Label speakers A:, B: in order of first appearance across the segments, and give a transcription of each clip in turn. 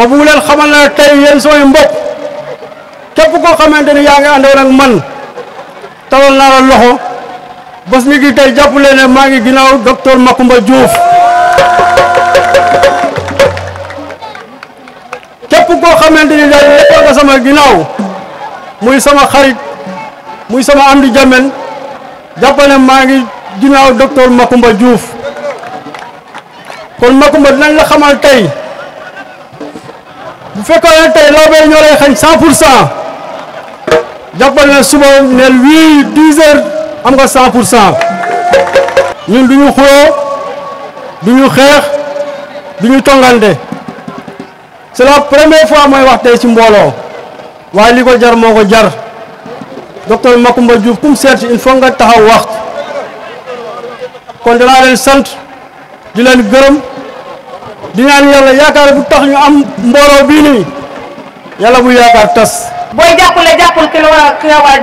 A: ma bu leen xamal ne tey yéen samay mbokk képp koo xamante ni yaa ngi àndoon ak man tawal naa la loxo bés ni ki tey jàpp leen ne maa ngi ginnaaw docteur Macoumba Diouf képp koo xamante ni ginnaaw muy sama xarit muy sama am di jamen maa ngi ginnaaw docteur Macoumba Diouf kon Macoumba dinañ la xamal tey bu fekkoon ne tey loo bay ñoo lay xañ cent pour cent jàppal ne suba neel huit dix heures am nga cent pour cent ñun du ñu xuloo du ñu xeex du ñu tongande c'est la première fois mooy wax ci mbooloo waaye li ko jar moo ko jar docteur Macoumba Diouf kum seet il faut nga taxaw wax kon dinaa leen sant di leen gërëm di naan
B: yàlla yaakaar bu tax ñu am mbooloo bii nii yàlla bu yaakaar tas. booy jàppale jàppal ki la war a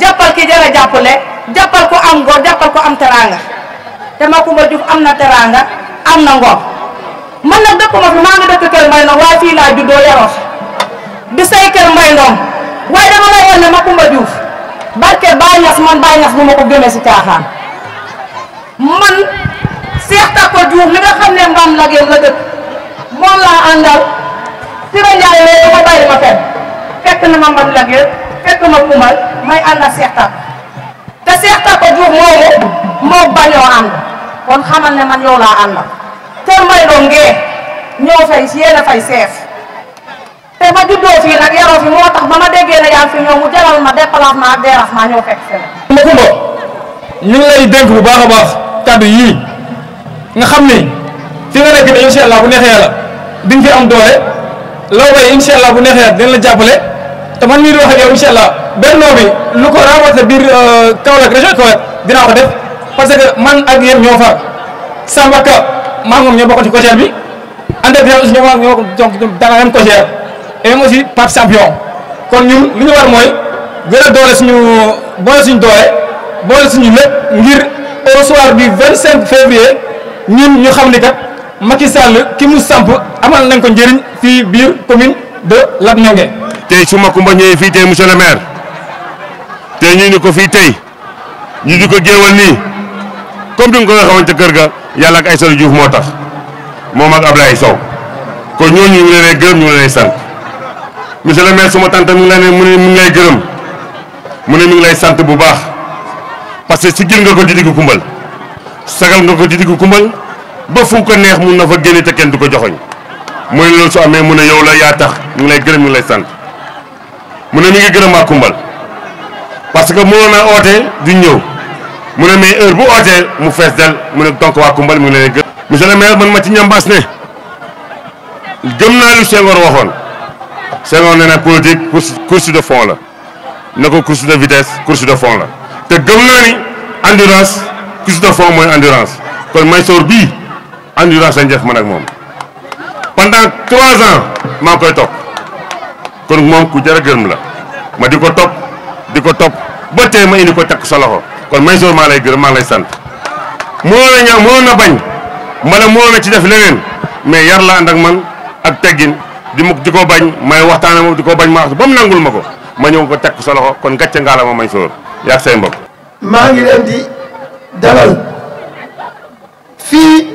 B: jàppal ki jar jàppal ko am ngor jàppal ko am teraanga te Macoumba Diouf am na teraanga am na ngor man nag dëkk ma fi maa ngi dëkk Kër Mbaye Ndong waaye fii laa juddoo yaroo fi say Kër Mbaye Ndong waaye dama lay wan ne Macoumba Diouf barke Baye Niass man Baye Niass bu ma ko gëmee si caaxaan man Cheikh Tako Diouf li nga man nag la dëkk moom laa àndal Sira Ndiaye loolu ma bàyyi ma fenn fekk na ma man nag yéen fekk ma kumal may ànd ak Seex Tàpp te Seex Tàpp Juuf moomu moo bañoo ànd kon xamal ne man yow laa àndal te may doon ñoo fay yéen a fay seef te ma juddoo fii nag yaroo moo tax ba ma déggee ne yaa fi ñëw mu jaral ma déplacement ak dérangement ñoo fekk fenn.
A: ma kumba ñu ngi lay dénk bu baax a baax kàddu yii nga xam ni. dëkk bi incha allah bu neexee yàlla di nga fi am doole loo bay incha allah bu neexee yàlla dina la jàppale te man mii di wax ak yow incha bi lu ko remporté biir euh, Kaolack région Kaolack dinaa ko def parce que man ak yéen ñoo far Samba Ka maa moom ñoo bokk ci cogère bi Anta Diagne aussi ñoo ñoo donc dana am cogère et aussi Pape Champion kon ñun li ñu war mooy gën a doole suñu boole suñu doole boole suñu lépp ngir au soir du 25 février ñun ñu xam ni kat. Macky Sall ki mu
C: samp amal nañ ko njëriñ fii biir commune de Latmingué. tey su ma kumba fii tey monsieur le maire tey ñu ni ko fii tey ñu di ko géewal nii comme ni nga ko waxee woon kër ga yàlla ak Aïssatou Diouf moo tax moom ak Ablaye Sow kon ñooñu ngi leen gërëm ñu ngi leen sant monsieur le maire suma tante mi ngi mu ne mi lay gërëm mu ne mi ngi lay sant bu baax parce que si gir nga ko di diggu kumbal sagal nga ko di diggu kumbal. ba fu ko neex mun na fa génne te kenn du ko joxoñ mooy ne loolu su amee mu ne yow la yaa tax mu ngi lay gërëm mu ngi lay sant mun ne mi ngi gërëm waa que mënoon na oote ñëw mu ne mais heure bu ootee mu fees del mu ne donc waa Koumbal mu ngi lay gërëm. monsieur le maire man ma ci ñambaas ne gëm naa lu Senghor waxoon Senghor nee na politique course de fonds la ne ko course de vitesse course de fond la te gëm naa ni endurance course de fond mooy endurance kon Mansour bii. andu naa sa mom, man ak moom pendant 3 ans maa koy top kon mom ku jara a la ma diko top diko top ba té ma indi ko tak sa loxo kon Mansour malai lay gërëm ma lay sante mo la ñaaw mo na bañ mbala mo a ci def leneen mais yar la man ak teggin di mu di bañ may waxtana mo di bañ ma wax bam nangul mako, ma ñew ko tak sa loxo kon gàcce ngaala ma Mansour yaa say mbokk ma ngi
D: len di dalal fi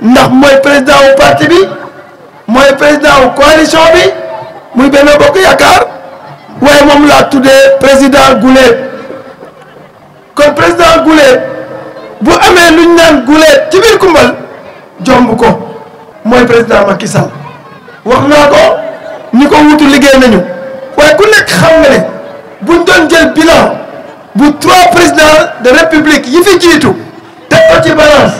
D: ndax mooy président wu parti bi mooy président wu coalition bi muy benn Bokk Yaakaar waaye moom laa tuddee président guléet kon président guléet bu amee luñ naan guléet ci biir Koumbal jomb ko mooy président Macky Sall wax naa ko ñi ko wutu liggéey nañu waaye ku nekk xam ne buñ doon bilan bu trois président de république yi jiitu teg ko ci balance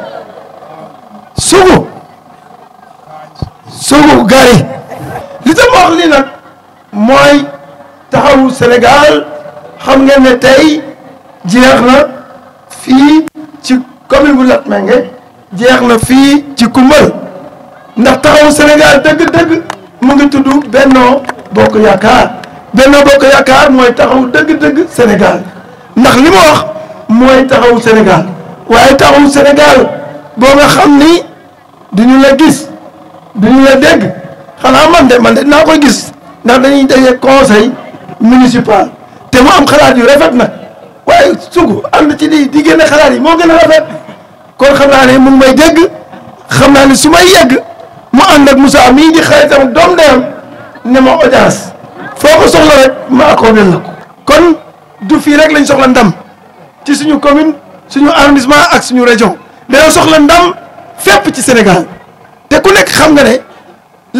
D: Sougou Gari li tax wax li nag mooy taxawu Sénégal xam ngeen ne tey jeex na fii ci commune bu Latmingué jeex na fii ci Koumbal ndax taxawu Sénégal dëgg-dëgg mu ngi tudd Benno Bokk Yaakaar Benno Bokk Yaakaar mooy taxawu dëgg-dëgg Sénégal ndax li ma wax mooy taxawu Sénégal waaye taxawu Sénégal boo nga xam ni duñu la gis duñu la dégg xanaa man de man de naa koy gis ndax dañuy daje conseil municipal te mu am xalaat yu rafet nag waaye am ànd ci di di génne xalaat yi moo gën a rafet kon xam naa ne mu ngi may dégg xam naa ne su may yegg mu ànd ak Moussa mii di tam doom deyam ne ma audience foo ko soxla rek ma accordé la ko kon du fii rek lañ soxla ndam ci suñu commune suñu arrondissement ak suñu région dañoo soxla ndam fépp ci Sénégal ku nekk xam nga ne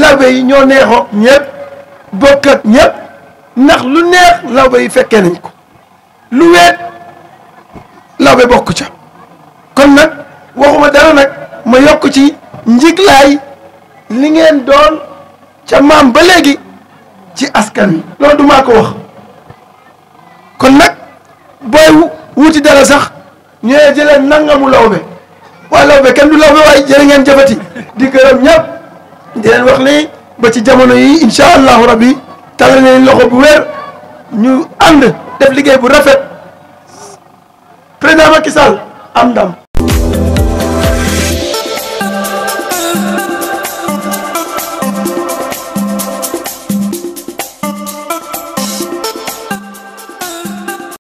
D: lawbe yi ñoo neexoo ñëpp bokk ak ndax lu neex lawbe yi fekkee nañ ko lu weet lawbe bokk ca kon nag waxuma dara nag ma yokk ci njiglaay li ngeen doon ca maam ba léegi ci askan wi loolu duma ko wax kon nag booy wuti dara sax ñooy jëlee nangamu lawbe waa lawbe kenn du lawbe waaye jërë ngeen jëfati di gërëm ñëpp di leen wax ba ci jamono yi incha allahu rabbi talal leen loxo bu wér ñu ànd def liggéey bu rafet président Macky Sall am ndam